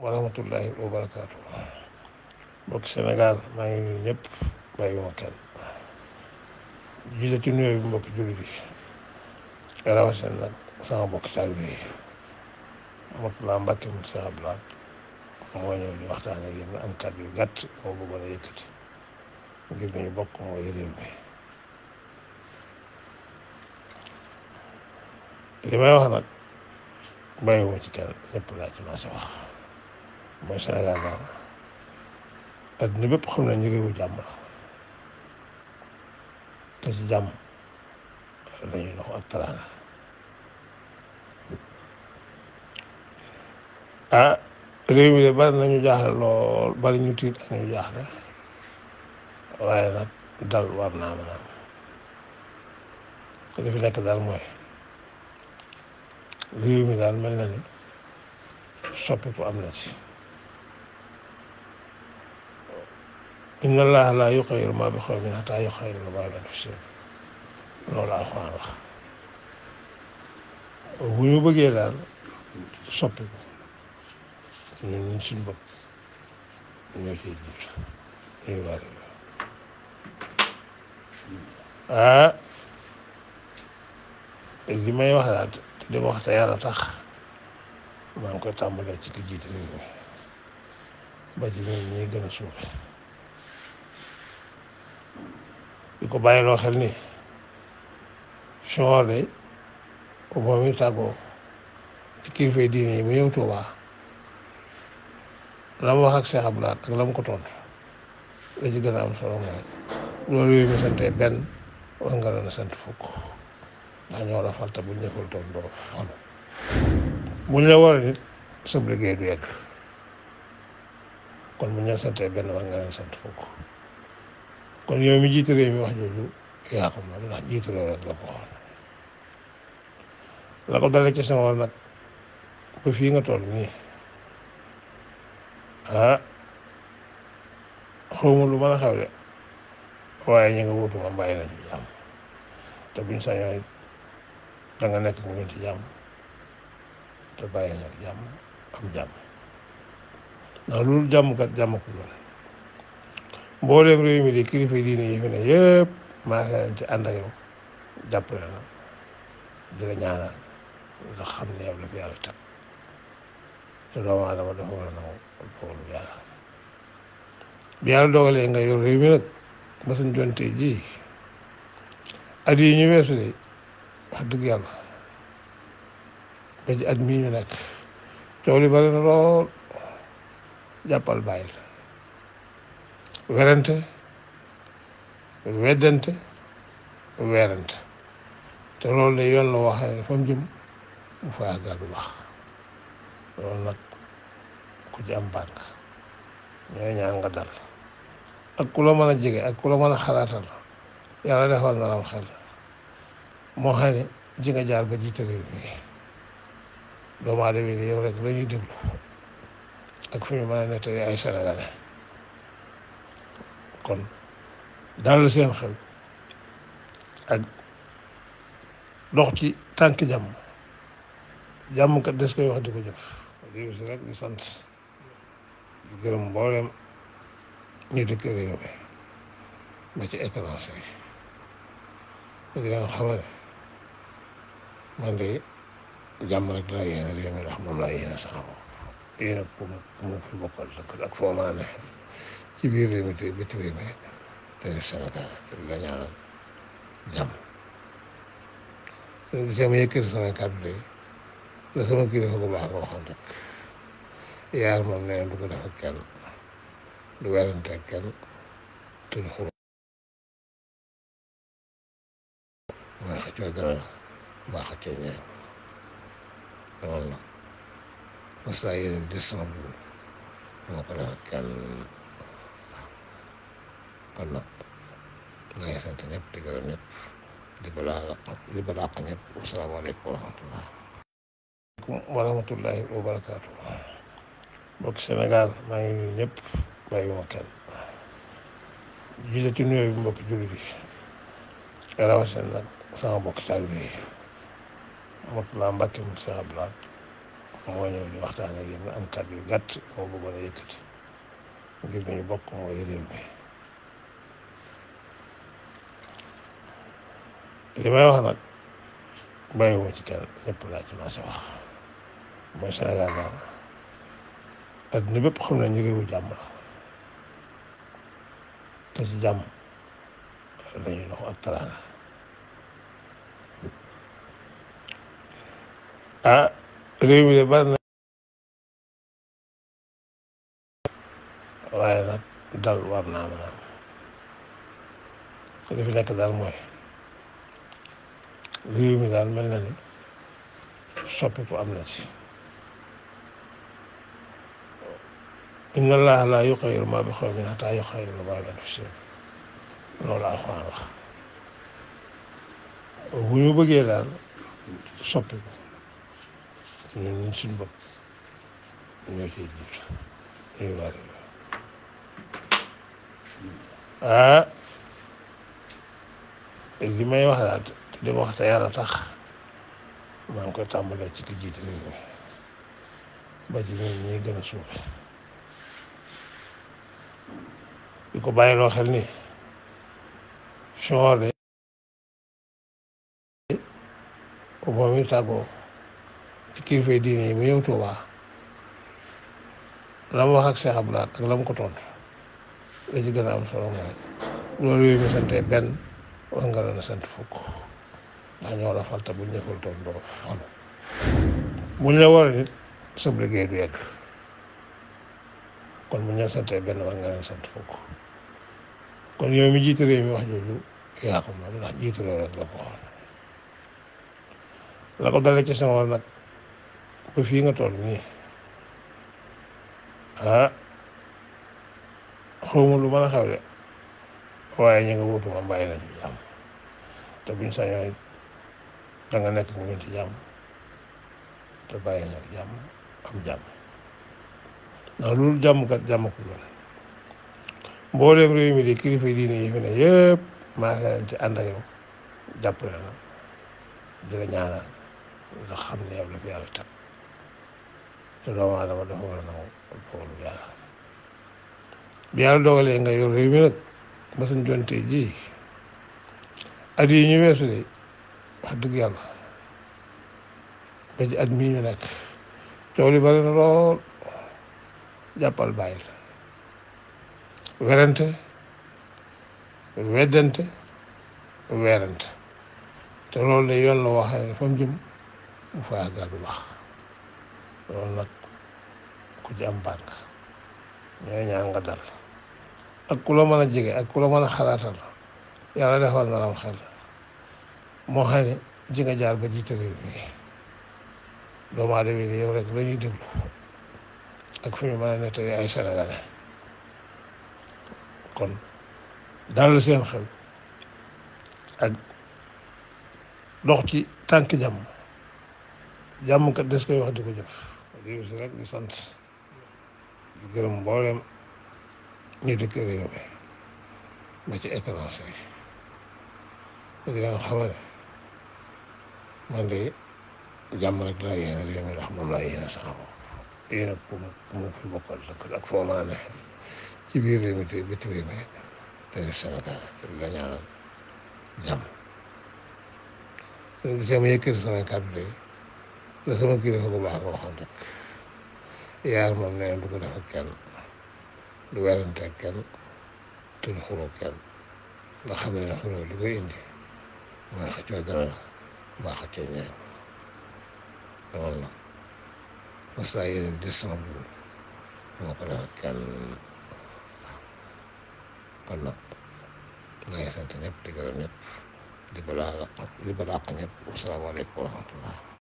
wa rahmatullahi wa barakaatu mbokk Sénégal maa ngi nuyu ñëpp bàyyiwuma kenn jiite ci nuyoo bi mbokk jullit yi rawatina nag sama mbokk taalibe mu Sëñ Abdou Lahad moo ñëw di waxtaan ak yéen am kàddu yu gàtt moo bëggoon a yëkkati ngir ñu bokk mooy réew mi li may wax nag bàyyiwuma ci kenn ñëpp laa ci maas wax. mooy Sénégal daal adduna bépp xam nañ ne jàmm la te ci jàmm lañuy dox ak teraanga ah réew mi de bari nañu jaaxle lool bari ñu tiit ak ñu jaaxle waaye nag dal war naa mën a am fi nekk daal mooy réew mi daal mel na ni soppiku am na ci. inna allaha laa yuxayyiru maa bi xawmin hattaa yuxayyiru maa bi anfusihim loolu alxuraan wax bu ñu bëggee daal soppi ko ñun ñun suñu bopp ñoo ciy jiitu ñu bari ah li may wax daal di wax te yàlla tax maa ngi koy tàmbalee ci ki jiite réew mi ba ci ñun gën a suufe di ko bàyyiloo xel ni Senghor de moom mi tàggoo ci kilifa diine yi ba ñëw Tuubaa la wax ak Cheikh Abdoulaye ak la ko tontu la ci gën a am solo mooy loolu yooyu benn war nga doon sant fukk ndax ñoo la fal te buñ ñëfal toon doo falu buñ la war a nit sab du yegg kon bu ñu santee benn war nga doon sant fukk kon yow mi jiite réew mi wax jooju yaa xam na ndax jiite rek la ko waxoon la ko dalee ci sama nag ba fii nga tool nii ah xawma lu mën a xew de waaye ñu nga wutu ma bàyyi nañ jàmm te buñ sañoon da nga nekk ñu ci jàmm te bàyyi nañ jàmm am jàmm ndax loolu jàmm kat jàmm ko doon mbooleem réew mi di kilifa diine yi fi ne yëpp maase nañ ci ànd yow jàppale la di la ñaanal nga xam ne yow la fi yàlla teg te doomu aadama dafa war a nangu dogalu yàlla bi yàlla dogalee nga yor réew mi nag ba suñ jonte ji at yi ñu weesu de wax dëgg yàlla ba ci at mii ñu nekk coow li bari na lool jàppal bàyyi la werante weddante weerante te loolu de yoon la waxee ne fa jëm bu fa àggal bu baax loolu nag ku ci am baat nga ñooy dal ak ku la mën a jege ak ku la a xalaatal yàlla defal na lam xel moo xam ne jaar ba jiite réew mi doomu aadama yi yow rek la ñuy ak fu ñu mën a nettali ay sénégalais kon dalal seen xel ak dox ci tànk jàmm jàmm kat des koy wax di ko jëf di aussi rek di sant di gërëm mboolem ñu dëkk réew mi ba ci étranger yi di leen xamal ne man de jàmm rek laa yéene réew mi ndax moom laa yéene saxam yéen pour mu pour mu fi bokkal dëkk ak foo ci biir réew mi te bitti réew mi te Sénégal la ñaan jàmm suñu gisee ma yi la sama kilifa bu baax nga waxoon rek yaar du ko def ak kenn du werante ak kenn te du xuloo mooy xëccoo dara mbaa xëccoo ñeer loolu nag Masaya décembre dama ko def ak kenn kon nag maa ngi sant ñëpp di gërëm di balaa di balaa ak ñëpp wasalaamaaleykum wa rahmatulah. wa rahmatulahi wa barakaatu. mbokk Sénégal maa ngi nuyu ñëpp bàyyi ma kenn jiite ci nuyoo bi mbokk jullit moo ñëw ñu waxtaan ak yéen am kàddu yu gàtt moo bëggoon a yëkkati ngir ñu bokk mooy réew wax nag bàyyiwuma ci kenn ñëpp laa ci maas wax mooy Sénégal daal xam nañ jàmm la te ci jàmm lañuy dox ak teraanga ah réew mi de bari na waaye nag dal war naa mën a am li fi nekk daal mooy réew mi daal mel na ni soppiku am na ci inna allaha laa yuxayyiru maa bi xawmin hattaa yuxayyiru maa bi anfusihim loolu alxuraan wax bu ñu bëggee daal soppiku ñun suñu bopp ñoo ciy jiitu ah li may wax daal di wax te yàlla tax maa ngi koy tàmbalee ci ki jiite nit ñi gën a suuf di ko bàyyi loo xel ni su ma war tàggoo. ci kilifay diine yi ba ñëw Touba la mu wax ak Cheikh Abdoulaye ak la ko tontu la ci gën am solo mooy loolu yooyu ñu santee benn war nga doon sant fukk ndax ñoo la fal buñ defal tontu buñ la war nit sab liggéey du yegg kon buñ la santee benn war nga doon sant fukk kon yow mi jiite réew mi wax jooju yaa ko ndax jiite rek la ko waxoon la ko dalee ci sama war nag ba fii nga toll nii ah xawma lu mën xew de waaye ñi nga wutuma bàyyi nañ jàmm te buñ sañoon da nga nekk ñu ci jàmm te bàyyi nañ jàmm am jàmm ndax loolu jàmm kat jàmm ko doon mbooleem réew mi di kilifa diine yi fi ne yëpp maa ngi leen ci ànd ak na di la ñaanal nga xam ne yow la fi yàlla teg te doomu aadama dafa war a nangu dogalu bi yàlla dogalee nga yor réew mi nag ba suñ jonte ji at yi ñu weesu de wax dëgg yàlla ba ci at mii ñu nekk coow li na lool jàppal bàyyil werante weddante weerante te loolu de yoon la waxee ne fa mu jëm mu faa àggal bu baax loolu nag ku ci am baat nga nga dal ak ku la mën a jege ak ku la a xalaatal yàlla defal na lam xel moo xam ne ji nga jaar ba jiite réew mi doomu aadama yi yow rek la ñuy ak fu ñu mën a nettali ay sénégalais kon dal seen xel ak dox ci tànk jam jàmm des koy wax di ko jëf réew si rek di sant di gërëm mboolem ñu dëkk réew mi ba ci étranger yi ba di leen man de jàmm rek laa yéene réew mi ndax moom laa yéene saxam yéen ak ku mu ku ne ci biir réew mi te bitti réew mi te Sénégal te di la ñaanal jàmm. soo la sama kilifa gu baax nga waxoon rek yaar moom nee na du ko def ak kenn du werante ak kenn te xam ne xuloo li koy indi mooy xëccoo dara la mbaa xëccoo ñaar loolu nag parce que yéen des sama dund du ma ko def ak kenn kon nag maa ngi sant ñëpp